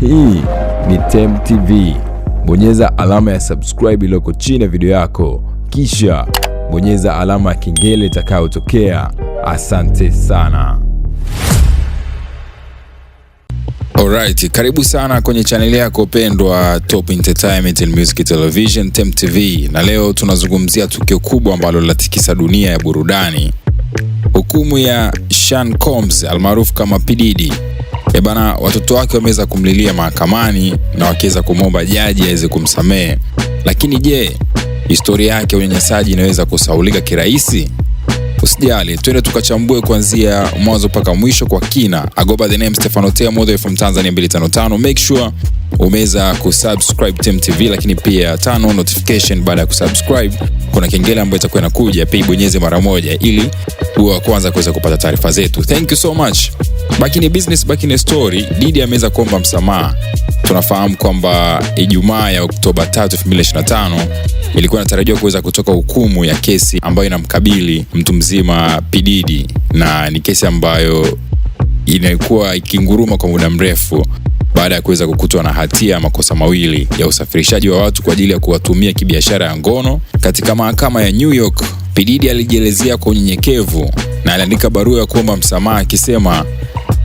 Hii ni Tem TV. Bonyeza alama ya subscribe iliyoko chini ya video yako, kisha bonyeza alama ya kengele itakayotokea. Asante sana. Alright, karibu sana kwenye chaneli yako pendwa Top Entertainment and Music Television Tem TV, na leo tunazungumzia tukio kubwa ambalo linatikisa dunia ya burudani, hukumu ya Sean Combs almaarufu kama P Diddy E bana, watoto wake wameweza kumlilia mahakamani na wakiweza kumwomba jaji aweze kumsamehe, lakini je, historia yake ya unyanyasaji inaweza kusaulika kirahisi? Usijali, twende tukachambue kuanzia mwanzo mpaka mwisho kwa kina. Agoba the name Stefano Tea, from Tanzania 255. Make sure umeweza kusubscribe TemuTV, lakini pia tano notification baada ya kusubscribe, kuna kengele ambayo itakuwa inakuja, pia ibonyeze mara moja ili uwe wa kwanza kuweza kupata taarifa zetu. Thank you so much. Bakini business, bakini story. Didi ameweza kuomba msamaha. Tunafahamu kwamba Ijumaa ya Oktoba 3, 2025 ilikuwa inatarajiwa kuweza kutoka hukumu ya kesi ambayo inamkabili mtu mzima P Diddy, na ni kesi ambayo inakuwa ikinguruma kwa muda mrefu baada ya kuweza kukutwa na hatia ya makosa mawili ya usafirishaji wa watu kwa ajili ya kuwatumia kibiashara ya ngono. Katika mahakama ya New York, Pididi alijielezea kwa unyenyekevu na aliandika barua ya kuomba msamaha akisema,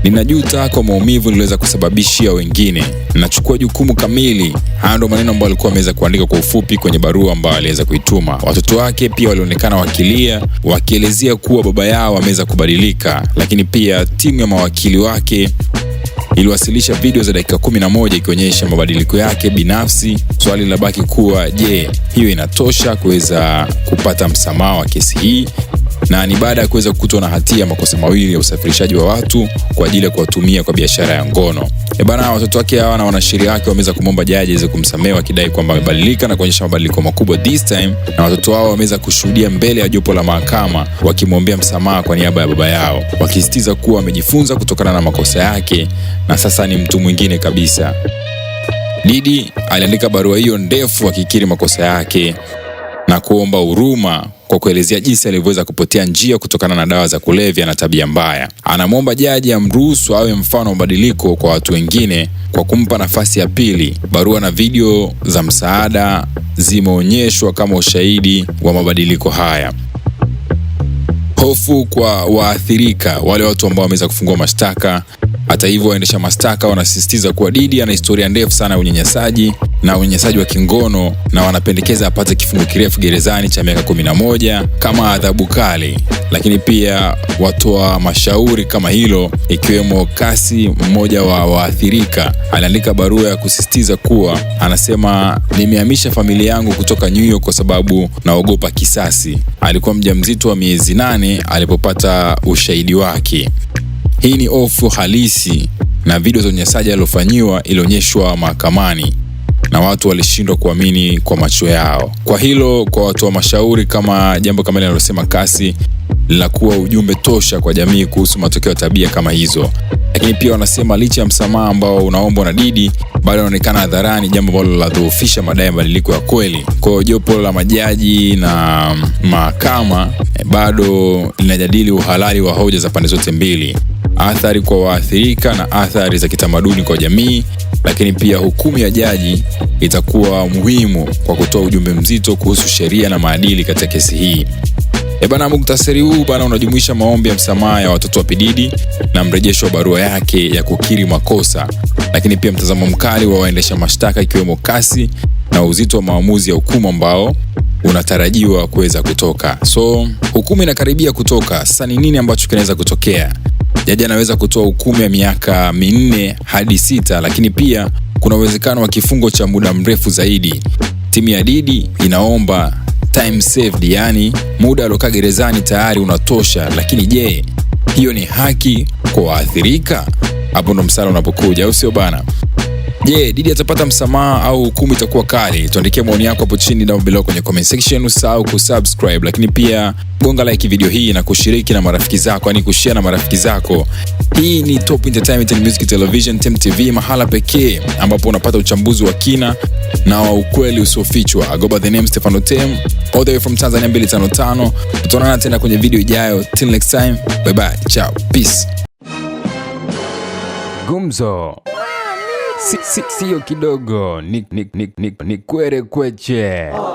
ninajuta kwa maumivu niliweza kusababishia wengine, ninachukua jukumu kamili. Haya ndio maneno ambayo alikuwa ameweza kuandika kwa ufupi kwenye barua ambayo aliweza kuituma. Watoto wake pia walionekana wakilia, wakielezea kuwa baba yao ameweza kubadilika, lakini pia timu ya mawakili wake iliwasilisha video za dakika 11 ikionyesha mabadiliko yake binafsi. Swali linabaki kuwa je, hiyo inatosha kuweza kupata msamaha wa kesi hii? na ni baada ya kuweza kukutwa na hatia makosa mawili ya usafirishaji wa watu kwa ajili ya kuwatumia kwa biashara ya ngono. E bana, watoto wake hawa na wanasheria wake wameweza kumwomba jaji aweze kumsamehe, wakidai kwamba amebadilika na kuonyesha mabadiliko makubwa this time, na watoto wao wameweza kushuhudia mbele ya jopo la mahakama wakimwombea msamaha kwa niaba ya baba yao, wakisitiza kuwa wamejifunza kutokana na makosa yake na sasa ni mtu mwingine kabisa. Didi aliandika barua hiyo ndefu akikiri makosa yake na kuomba huruma kwa kuelezea jinsi alivyoweza kupotea njia kutokana na dawa za kulevya na tabia mbaya. Anamwomba jaji amruhusu awe mfano wa mabadiliko kwa watu wengine kwa kumpa nafasi ya pili. Barua na video za msaada zimeonyeshwa kama ushahidi wa mabadiliko haya. Hofu kwa waathirika, wale watu ambao wameweza kufungua mashtaka hata hivyo, waendesha mashtaka wanasisitiza kuwa didi ana historia ndefu sana ya unyanyasaji na unyanyasaji wa kingono na wanapendekeza apate kifungo kirefu gerezani cha miaka 11 kama adhabu kali. Lakini pia watoa mashauri kama hilo, ikiwemo Kasi, mmoja wa waathirika, aliandika barua ya kusisitiza kuwa anasema, nimehamisha familia yangu kutoka New York kwa sababu naogopa kisasi. Alikuwa mjamzito wa miezi nane alipopata ushahidi wake. Hii ni ofu halisi na video za unyanyasaji aliyofanyiwa ilionyeshwa mahakamani na watu walishindwa kuamini kwa macho yao. Kwa hilo, kwa watu wa mashauri, kama jambo kama linalosema kasi linakuwa ujumbe tosha kwa jamii kuhusu matokeo ya tabia kama hizo. Lakini pia wanasema licha ya msamaha ambao unaombwa na Diddy bado anaonekana hadharani, jambo ambalo linadhoofisha madai ya mabadiliko ya kweli. Kwa hiyo jopo la majaji na mahakama eh, bado linajadili uhalali wa hoja za pande zote mbili athari kwa waathirika na athari za kitamaduni kwa jamii. Lakini pia hukumu ya jaji itakuwa muhimu kwa kutoa ujumbe mzito kuhusu sheria na maadili katika kesi hii. E bana, muktasari huu bana unajumuisha maombi ya msamaha ya watoto wa pididi na mrejesho wa barua yake ya kukiri makosa, lakini pia mtazamo mkali wa waendesha mashtaka, ikiwemo kasi na uzito wa maamuzi ya hukumu ambao unatarajiwa kuweza kutoka. So hukumu inakaribia kutoka sasa, ni nini ambacho kinaweza kutokea? jaji anaweza kutoa hukumu ya miaka minne hadi sita, lakini pia kuna uwezekano wa kifungo cha muda mrefu zaidi. Timu ya Didi inaomba time saved yaani muda aliokaa gerezani tayari unatosha. Lakini je, hiyo ni haki kwa waathirika? Hapo ndo msala unapokuja, au sio bana? Je, yeah, Didi atapata msamaha au hukumu itakuwa kali? Tuandikie maoni yako hapo chini down below kwenye comment section. Usahau kusubscribe, lakini pia gonga like video hii na kushiriki na marafiki zako, yani kushare na marafiki zako. Hii ni Top Entertainment and Music Television, TV, mahala pekee ambapo unapata uchambuzi wa kina na wa ukweli usiofichwa. Agoba the name Stefano Tem, all the way from Tanzania 255. Tutaonana tena kwenye video ijayo. Till next time, bye bye, ciao, peace. Gumzo si, si, siyo kidogo ni, ni, ni, ni, ni kwere kweche oh.